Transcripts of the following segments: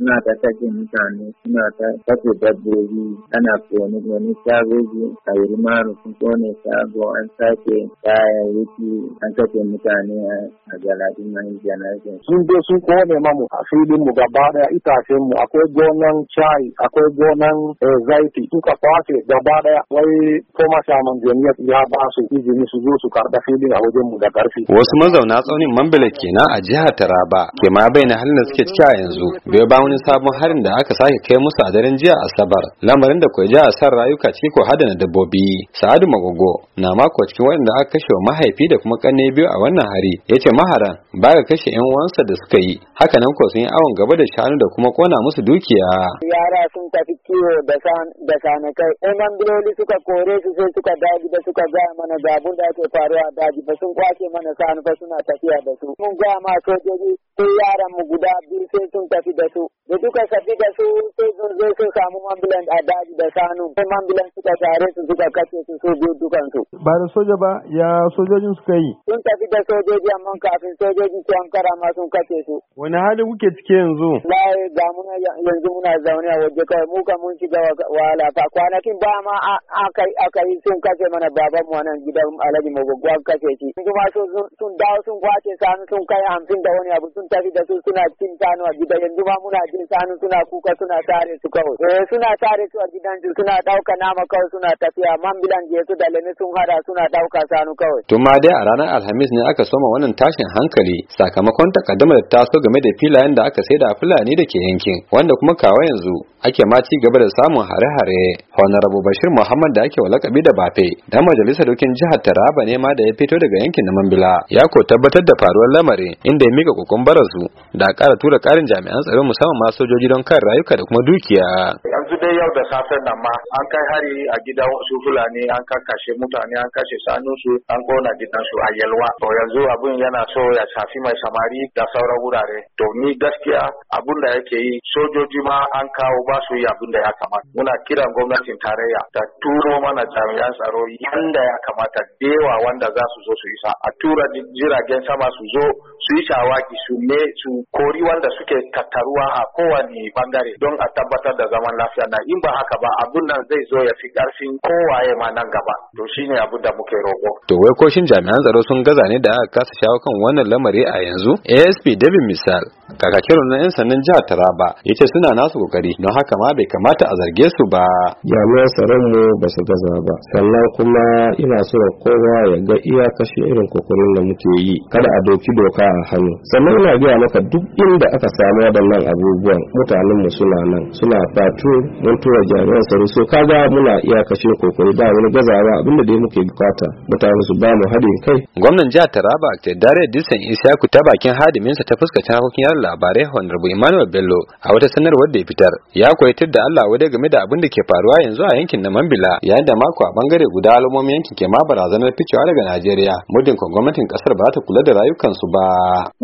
suna ta kashe mutane suna ta kashe dabbobi ana tsoni wani shagoji a yirmaru sun kone shago an sake kayayyaki an mutane a galadin nan janarkin. sun zo sun kone mamu a filin mu gaba daya itacen mu akwai gonan chai akwai gonan eh, zaiti suka kwace gaba daya wai koma shaman jami'at ya ba su izini su zo su karɓa filin a wajen mu da ƙarfi. wasu mazauna tsaunin mambila kenan a jihar taraba ke ma bai na halin da suke ciki a yanzu bai bayan wani sabon harin da aka sake kai musu a daren jiya asabar lamarin da kuwa ja asar rayuka ciki ko hadana dabbobi sa'adu magogo na mako cikin waɗanda aka kashe wa mahaifi da kuma kanne biyu a wannan hari yace maharan ba baya kashe yan uwansa da suka yi haka nan ko sun yi awon gaba da shanu da kuma kona musu dukiya yara sun tafi kiwo da da sanakai ɗan biroli suka kore su sai suka daji da suka gaya mana da abun da ake faruwa daji ba sun kwace mana sanu ba suna tafiya da su mun gaya ma sojoji sai yaran mu guda biyu sai sun tafi da su de tu casa, je sun samu mambulan a daji da sanu sai mambulan suka tare su suka kace su so biyu dukansu. ba da soja ba ya sojojin suka yi. sun tafi da sojoji amma kafin sojoji su ankara ma sun kace su. wani hali kuke cike yanzu. layi ga muna yanzu muna zaune a waje kawai mu ka mun shiga wahala fa kwanakin ba ma akai akai sun kace mana baban mu nan gidan alhaji magwagwa kace shi. sun kuma sun dawo sun kwace sanu sun kai hamsin da wani abu sun tafi da su suna cin sanu a gida yanzu ma muna jin sanu suna kuka suna tare su kawai. Eh suna tare su a gidan zu suna ɗauka nama kawai suna tafiya man bilan je su da lemi sun hada suna ɗauka sanu kawai. Tun ma dai a ranar Alhamis ne aka soma wannan tashin hankali sakamakon takaddamar da taso game da filayen da aka saida a Fulani da ke yankin wanda kuma kawa yanzu ake ma ci gaba da samun hare-hare. Honorable Bashir Muhammad da ake wa lakabi da bafe dan majalisar dokin jihar Taraba ne ma da ya fito daga yankin na Mambila ya ko tabbatar da faruwar lamari inda ya mika kokon barasu da ƙara tura ƙarin jami'an tsaro musamman ma sojoji don kan rayuka da kuma dukiya Yanzu dai yau da safe nan ma an kai hari a gidan wasu Fulani an kakashe mutane an kashe shanunsu an kona gidansu a yalwa To yanzu abun yana so ya shafi mai samari da sauran wurare. To ni gaskiya abun da yake yi sojoji ma an kawo ba su yi abun da ya kamata. Muna kiran gwamnatin tarayya ta turo mana jami'an tsaro yanda ya kamata dewa wanda za su zo su sa A tura jiragen sama su zo su yi shawaki su me su kori wanda suke tattaruwa a kowane bangare don a tabbatar tabbatar da zaman lafiya na in ba haka ba abun nan zai zo ya fi karfin kowaye ma nan gaba to shine abu da muke roƙo to wai koshin jami'an tsaro sun gaza ne da aka kasa shawo kan wannan lamari a yanzu asp david misal kakakin rundunar 'yan sandan jihar taraba ya ce suna nasu kokari don haka ma bai kamata a zarge su ba jami'an tsaron mu ba su gaza ba sannan kuma ina so kowa ya ga iya kashe irin kokarin da muke yi kada a doki doka a hannu sannan ina gaya maka duk inda aka samu waɗannan abubuwan mutanen mu suna nan suna fatu mun tura jami'an tsaro so kaga muna iya kashe kokari ba wani gazawa abinda dai muke bukata mutane su ba mu haɗin kai gwamnan jihar taraba a dare Isa ku ta bakin hadiminsa ta fuskacin harkokin yaro labarai honorable emmanuel bello a wata sanarwar da ya fitar ya koyitar da allah wadai game da abin da ke faruwa yanzu a yankin na mambila yayin da mako a bangare guda al'ummomin yankin ke ma barazanar ficewa daga najeriya muddin ko gwamnatin kasar ba ta kula da rayukan su ba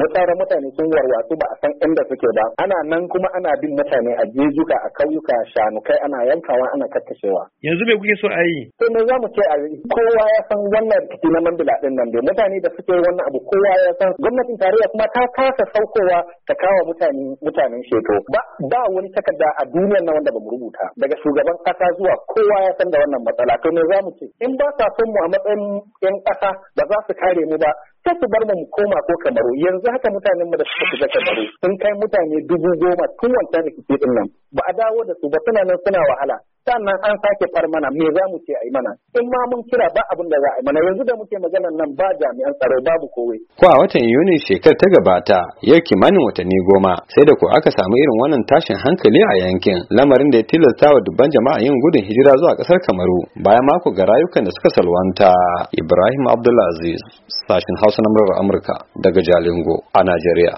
mutare mutane sun warwatsu ba a san inda suke ba ana nan kuma ana bin mutane a jejuka a kauyuka shanukai ana yankawa ana kakkashewa yanzu me kuke so a yi to me za ce a yi kowa ya san wannan rikici na mambila din nan da mutane da suke wannan abu kowa ya san gwamnatin tarayya kuma ta kasa saukowa ta kawo mutane mutanen sheto ba ba wani takarda a duniyar na wanda ba mu rubuta daga shugaban kasa zuwa kowa ya san da wannan matsala to me za ce in ba sa son mu a matsayin yan kasa ba za su kare mu ba sai su bar mu koma ko kamaru yanzu haka mutanen mu da suka shiga kamaru sun kai mutane dubu goma tun wancan rikici din nan ba a dawo da su ba suna nan suna wahala sannan an sake far mana me za mu ce a yi mana in ma mun kira ba abin da za a yi mana yanzu da muke maganar nan ba jami'an tsaro babu kowai. ko a watan yuni shekarar ta gabata yau kimanin watanni goma sai da ko aka samu irin wannan tashin hankali a yankin lamarin da ya tilasta wa dubban jama'a yin gudun hijira zuwa kasar kamaru bayan mako ga rayukan da suka salwanta ibrahim abdulaziz sashin hausa na murar amurka daga jalingo a najeriya